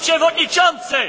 przewodniczący!